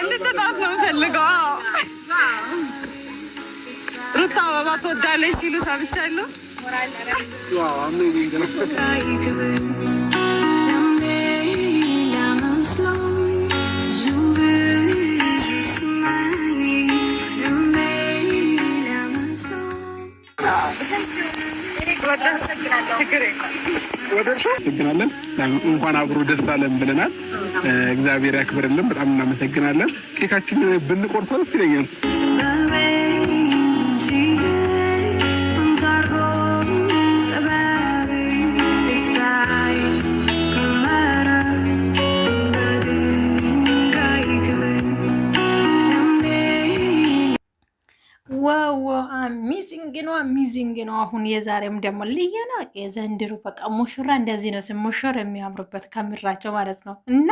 እንድትሰጣት ነው የምፈልገው። ሩታ አበባ ትወዳለች ሲሉ ሰምቻለሁ። እናመሰግናለን። እንኳን አብሮ ደስ አለን ብለናል። እግዚአብሔር ያክብርልን። በጣም እናመሰግናለን። ኬካችን ብንቆርሰው ይለኛል ዋው አሚዚንግ ነው፣ አሚዚንግ ነው። አሁን የዛሬም ደግሞ ልዩ ነው። የዘንድሮ በቃ ሙሽራ እንደዚህ ነው ስሙሽር የሚያምሩበት ከምራቸው ማለት ነው። እና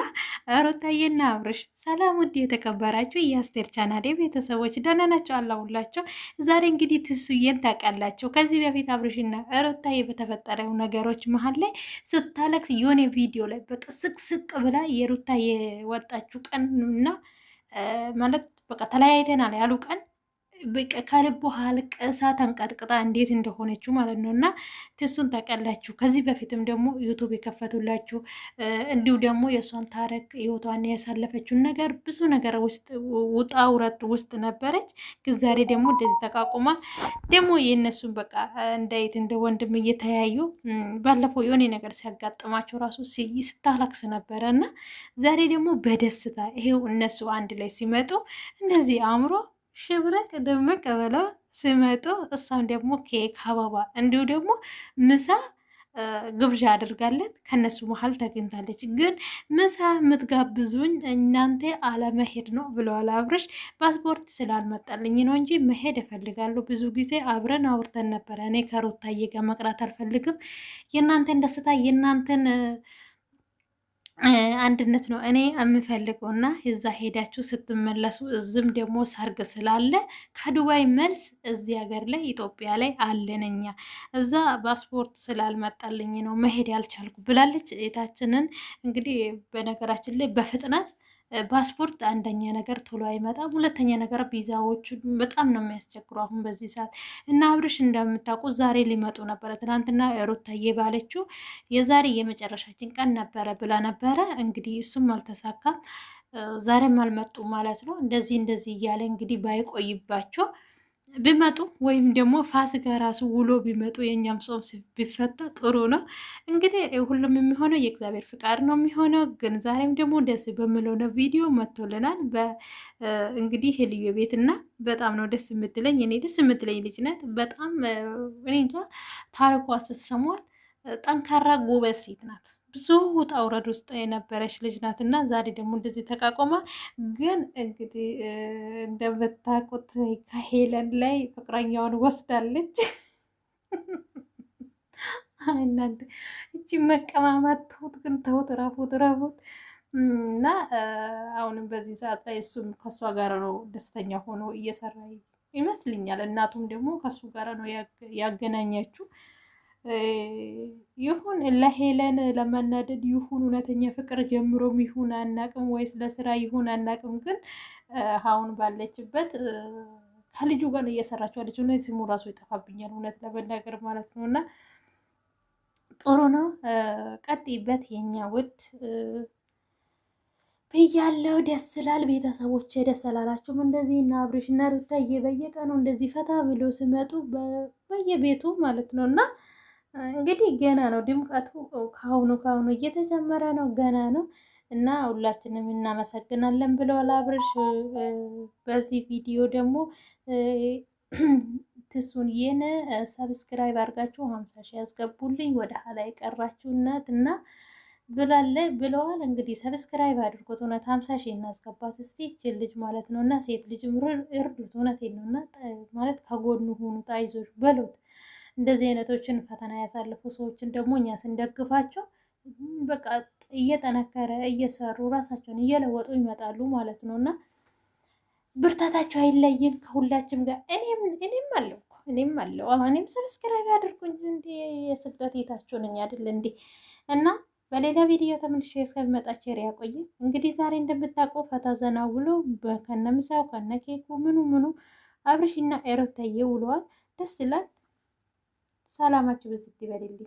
ሩታዬና አብርሽ ሰላም። ውድ የተከበራችሁ የአስቴር ቻናዴ ቤተሰቦች ደህና ናቸው አላውላቸው። ዛሬ እንግዲህ ትሱዬን ታውቃላቸው። ከዚህ በፊት አብርሽና ሩታዬ በተፈጠረው ነገሮች መሀል ላይ ስታለቅስ የሆነ ቪዲዮ ላይ በቃ ስቅስቅ ብላ የሩታዬ ወጣችሁ ቀን እና ማለት በቃ ተለያይተናል ያሉ ቀን በቃ ከልቦ አልቀሳ ተንቀጥቅጣ እንዴት እንደሆነችው ማለት ነው። እና ትሱን ታውቃላችሁ። ከዚህ በፊትም ደግሞ ዩቱብ የከፈቱላችሁ እንዲሁ ደግሞ የእሷን ታረቅ ህይወቷን ያሳለፈችውን ነገር ብዙ ነገር ውስጥ ውጣ ውረድ ውስጥ ነበረች። ግን ዛሬ ደግሞ እንደዚህ ተቃቁማ ደግሞ የእነሱን በቃ እንዳየት እንደ ወንድም እየተያዩ ባለፈው የሆነ ነገር ሲያጋጥማቸው ራሱ ስታላክስ ነበረ እና ዛሬ ደግሞ በደስታ ይሄው እነሱ አንድ ላይ ሲመጡ እንደዚህ አእምሮ ሽብረቅ ድምቅ ብላ ሲመጡ እሷም ደግሞ ኬክ፣ አበባ እንዲሁ ደግሞ ምሳ ግብዣ አድርጋለት ከነሱ መሀል ተገኝታለች። ግን ምሳ የምትጋብዙኝ እናንተ አለመሄድ ነው ብለዋል አብርሽ። ፓስፖርት ስላልመጣልኝ ነው እንጂ መሄድ እፈልጋለሁ። ብዙ ጊዜ አብረን አውርተን ነበረ። እኔ ከሩታዬ ጋር መቅራት አልፈልግም። የእናንተን ደስታ የእናንተን አንድነት ነው እኔ የምፈልገው እና እዛ ሄዳችሁ ስትመለሱ እዝም ደግሞ ሰርግ ስላለ ከዱባይ መልስ እዚህ ሀገር ላይ ኢትዮጵያ ላይ አለን እኛ እዛ ፓስፖርት ስላልመጣልኝ ነው መሄድ ያልቻልኩ ብላለች። የታችንን እንግዲህ በነገራችን ላይ በፍጥነት ፓስፖርት አንደኛ ነገር ቶሎ አይመጣም፣ ሁለተኛ ነገር ቪዛዎቹ በጣም ነው የሚያስቸግሩ አሁን በዚህ ሰዓት እና አብርሽ እንደምታውቁ ዛሬ ሊመጡ ነበረ። ትናንትና ሩታዬ ባለችው የዛሬ የመጨረሻችን ቀን ነበረ ብላ ነበረ። እንግዲህ እሱም አልተሳካም፣ ዛሬም አልመጡ ማለት ነው። እንደዚህ እንደዚህ እያለ እንግዲህ ባይቆይባቸው ቢመጡ ወይም ደግሞ ፋሲካ ራሱ ውሎ ቢመጡ የእኛም ጾም ቢፈታ ጥሩ ነው። እንግዲህ ሁሉም የሚሆነው የእግዚአብሔር ፍቃድ ነው የሚሆነው። ግን ዛሬም ደግሞ ደስ በምለው ነው ቪዲዮ መጥቶልናል። እንግዲህ ልዩ ቤት እና በጣም ነው ደስ የምትለኝ እኔ ደስ የምትለኝ ልጅነት በጣም እኔ እንጃ ታሪኳ ስትሰሟት ጠንካራ ጎበዝ ሴት ናት። ብዙ ውጣ ውረድ ውስጥ የነበረች ልጅ ናት እና ዛሬ ደግሞ እንደዚህ ተቃቆማ። ግን እንግዲህ እንደምታውቁት ከሄለን ላይ ፍቅረኛውን ወስዳለች። እናንተ እቺ መቀማማት ተውት፣ ግን ተውት፣ ራፉት፣ ራፉት እና አሁንም በዚህ ሰዓት ላይ እሱም ከእሷ ጋር ነው ደስተኛ ሆኖ እየሰራ ይመስልኛል። እናቱም ደግሞ ከሱ ጋር ነው ያገናኛችሁ። ይሁን ለሄለን ለመናደድ ይሁን እውነተኛ ፍቅር ጀምሮም ይሁን አናቅም፣ ወይስ ለስራ ይሁን አናቅም፣ ግን አሁን ባለችበት ከልጁ ጋር እየሰራች አለች። እውነት ስሙ ራሱ ይጠፋብኛል፣ እውነት ለመናገር ማለት ነው። እና ጥሩ ነው፣ ቀጥይበት የኛ ውድ ብያለው። ደስ ስላል ቤተሰቦች ደስ ስላላችሁም እንደዚህ እና አብርሽ እና ሩታዬ በየቀኑ እንደዚህ ፈታ ብሎ ስመጡ በየቤቱ ማለት ነው እና እንግዲህ ገና ነው ድምቀቱ። ከአሁኑ ከአሁኑ እየተጀመረ ነው፣ ገና ነው እና ሁላችንም እናመሰግናለን ብለዋል አብርሽ። በዚህ ቪዲዮ ደግሞ ትሱን የነ ሰብስክራይብ አድርጋችሁ ሀምሳ ሺ ያስገቡልኝ ወደ ኋላ የቀራችሁ እናት እና ብላለ ብለዋል። እንግዲህ ሰብስክራይብ አድርጎት እውነት ሀምሳ ሺ እናስገባት እስቲ ይችን ልጅ ማለት ነው እና ሴት ልጅም እርዱት። እውነት ነው እና ማለት ከጎኑ ሁኑ፣ አይዞሽ በሎት እንደዚህ አይነቶችን ፈተና ያሳለፉ ሰዎችን ደግሞ እኛ ስንደግፋቸው በቃ እየጠነከረ እየሰሩ ራሳቸውን እየለወጡ ይመጣሉ ማለት ነው እና ብርታታቸው አይለይን ከሁላችም ጋር እኔም እኔም አለው እኔም አለው እኔም ሰብስክራይብ አድርጉኝ። እንዲ የስደት የታችሁ እኛ አይደል እንዲ እና በሌላ ቪዲዮ ተመልሼ እስከሚመጣ ቸር ያቆየ። እንግዲህ ዛሬ እንደምታውቀው ፈታ ዘና ውሎ ከነምሳው ከነኬኩ ምኑ ምኑ አብርሽና ኤሮታዬ ውለዋል። ደስ ይላል። ሰላማችሁ ብዝት ይበልልኝ።